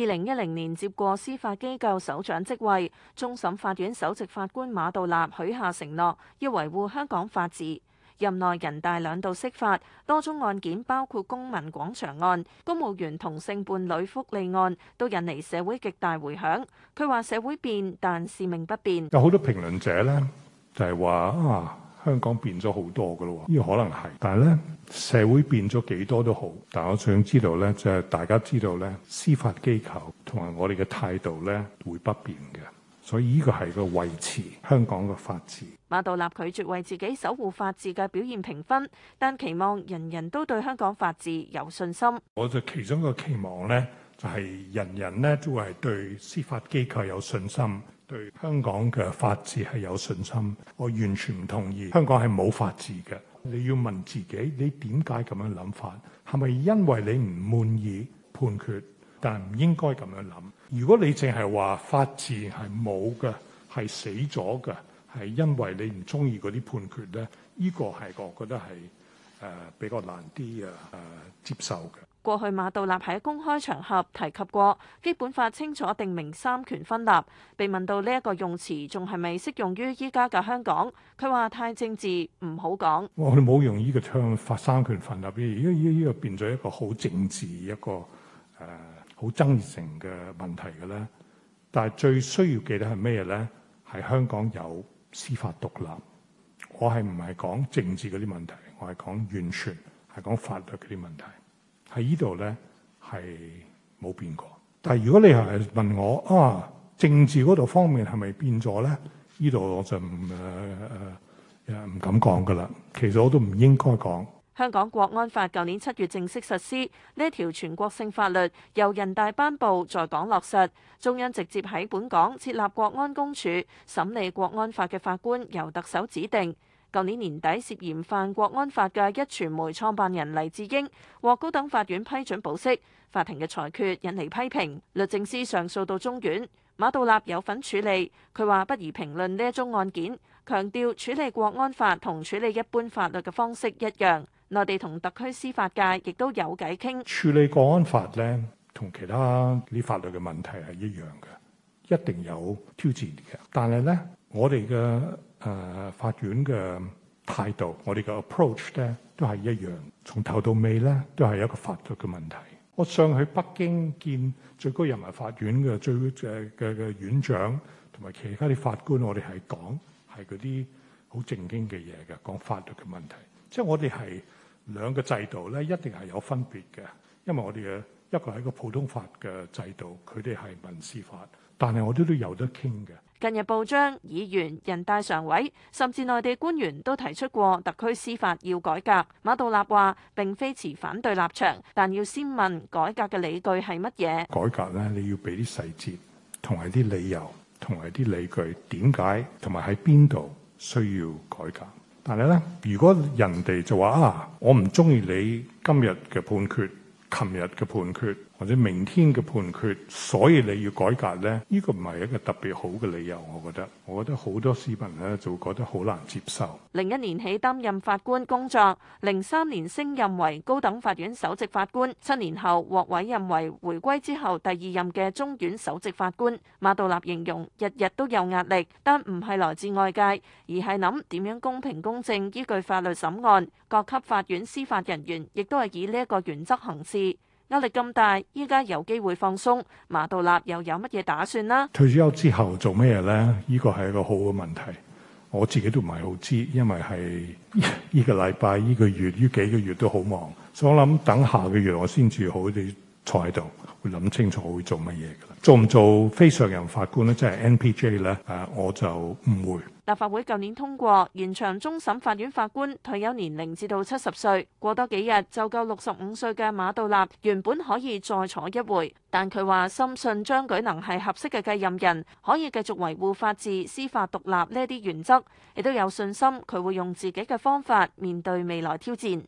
二零一零年接過司法機構首長職位，終審法院首席法官馬道立許下承諾，要維護香港法治。任內人大兩度釋法，多宗案件，包括公民廣場案、公務員同性伴侶福利案，都引嚟社會極大迴響。佢話社會變，但使命不變。有好多評論者咧，就係話啊。香港變咗好多噶咯，呢、這個可能係，但係咧社會變咗幾多都好。但係我想知道咧，就係、是、大家知道咧，司法機構同埋我哋嘅態度咧會不變嘅，所以呢個係個維持香港嘅法治。馬道立拒絕為自己守護法治嘅表現評分，但期望人人都對香港法治有信心。我就其中一個期望咧，就係、是、人人咧都係對司法機構有信心。對香港嘅法治係有信心，我完全唔同意香港係冇法治嘅。你要問自己，你點解咁樣諗法？係咪因為你唔滿意判決？但唔應該咁樣諗。如果你淨係話法治係冇嘅，係死咗嘅，係因為你唔中意嗰啲判決咧？呢個係我覺得係。誒比較難啲啊！誒接受嘅。過去馬道立喺公開場合提及過《基本法》，清楚定明三權分立。被問到呢一個用詞仲係咪適用於依家嘅香港，佢話太政治唔好講。我哋冇用呢個唱法，三權分立，依依呢個變咗一個好政治一個誒好、呃、爭議性嘅問題嘅咧。但係最需要記得係咩嘢咧？係香港有司法獨立。我係唔係講政治嗰啲問題？我係講完全係講法律嗰啲問題，喺呢度呢，係冇變過。但係如果你係問我啊，政治嗰度方面係咪變咗呢？呢度我就唔唔唔敢講㗎喇。其實我都唔應該講。香港國安法舊年七月正式實施，呢一條全國性法律由人大頒布，在港落實。中央直接喺本港設立國安公署，審理國安法嘅法官由特首指定。舊年年底涉嫌犯國安法嘅壹傳媒創辦人黎智英獲高等法院批准保釋，法庭嘅裁決引嚟批評，律政司上訴到中院。馬道立有份處理，佢話不宜評論呢一宗案件，強調處理國安法同處理一般法律嘅方式一樣，內地同特區司法界亦都有偈傾。處理國安法呢，同其他啲法律嘅問題係一樣嘅，一定有挑戰嘅，但係呢。我哋嘅、呃、法院嘅態度，我哋嘅 approach 咧都係一樣，從頭到尾咧都係一個法律嘅問題。我上去北京見最高人民法院嘅最嘅嘅嘅院長同埋其他啲法官，我哋係講，係嗰啲好正經嘅嘢嘅，講法律嘅問題，即係我哋係兩個制度咧，一定係有分別嘅，因為我哋嘅一個係一個普通法嘅制度，佢哋係民事法，但係我哋都有得傾嘅。近日報章、議員、人大常委甚至內地官員都提出過特區司法要改革。馬道立話：並非持反對立場，但要先問改革嘅理據係乜嘢。改革咧，你要俾啲細節，同埋啲理由，同埋啲理據，點解同埋喺邊度需要改革？但係咧，如果人哋就話啊，我唔中意你今日嘅判決、琴日嘅判決。或者明天嘅判決，所以你要改革呢？呢個唔係一個特別好嘅理由，我覺得。我覺得好多市民呢就會覺得好難接受。零一年起擔任法官工作，零三年升任為高等法院首席法官，七年後獲委任為回歸之後第二任嘅終院首席法官。馬道立形容日日都有壓力，但唔係來自外界，而係諗點樣公平公正依據法律審案。各級法院司法人員亦都係以呢一個原則行事。壓力咁大，依家有機會放鬆，馬道立又有乜嘢打算啦？退咗休之後做咩嘢咧？呢個係一個好嘅問題，我自己都唔係好知，因為係呢個禮拜、呢個月、呢幾個月都好忙，所以我諗等下個月我先住好啲。坐喺度會諗清楚會做乜嘢嘅啦，做唔做非常任法官呢？即係 N P J 咧，誒我就唔會。立法會舊年通過延長終審法院法官退休年齡至到七十歲，過多幾日就夠六十五歲嘅馬道立原本可以再坐一回，但佢話深信張舉能係合適嘅繼任人，可以繼續維護法治、司法獨立呢啲原則，亦都有信心佢會用自己嘅方法面對未來挑戰。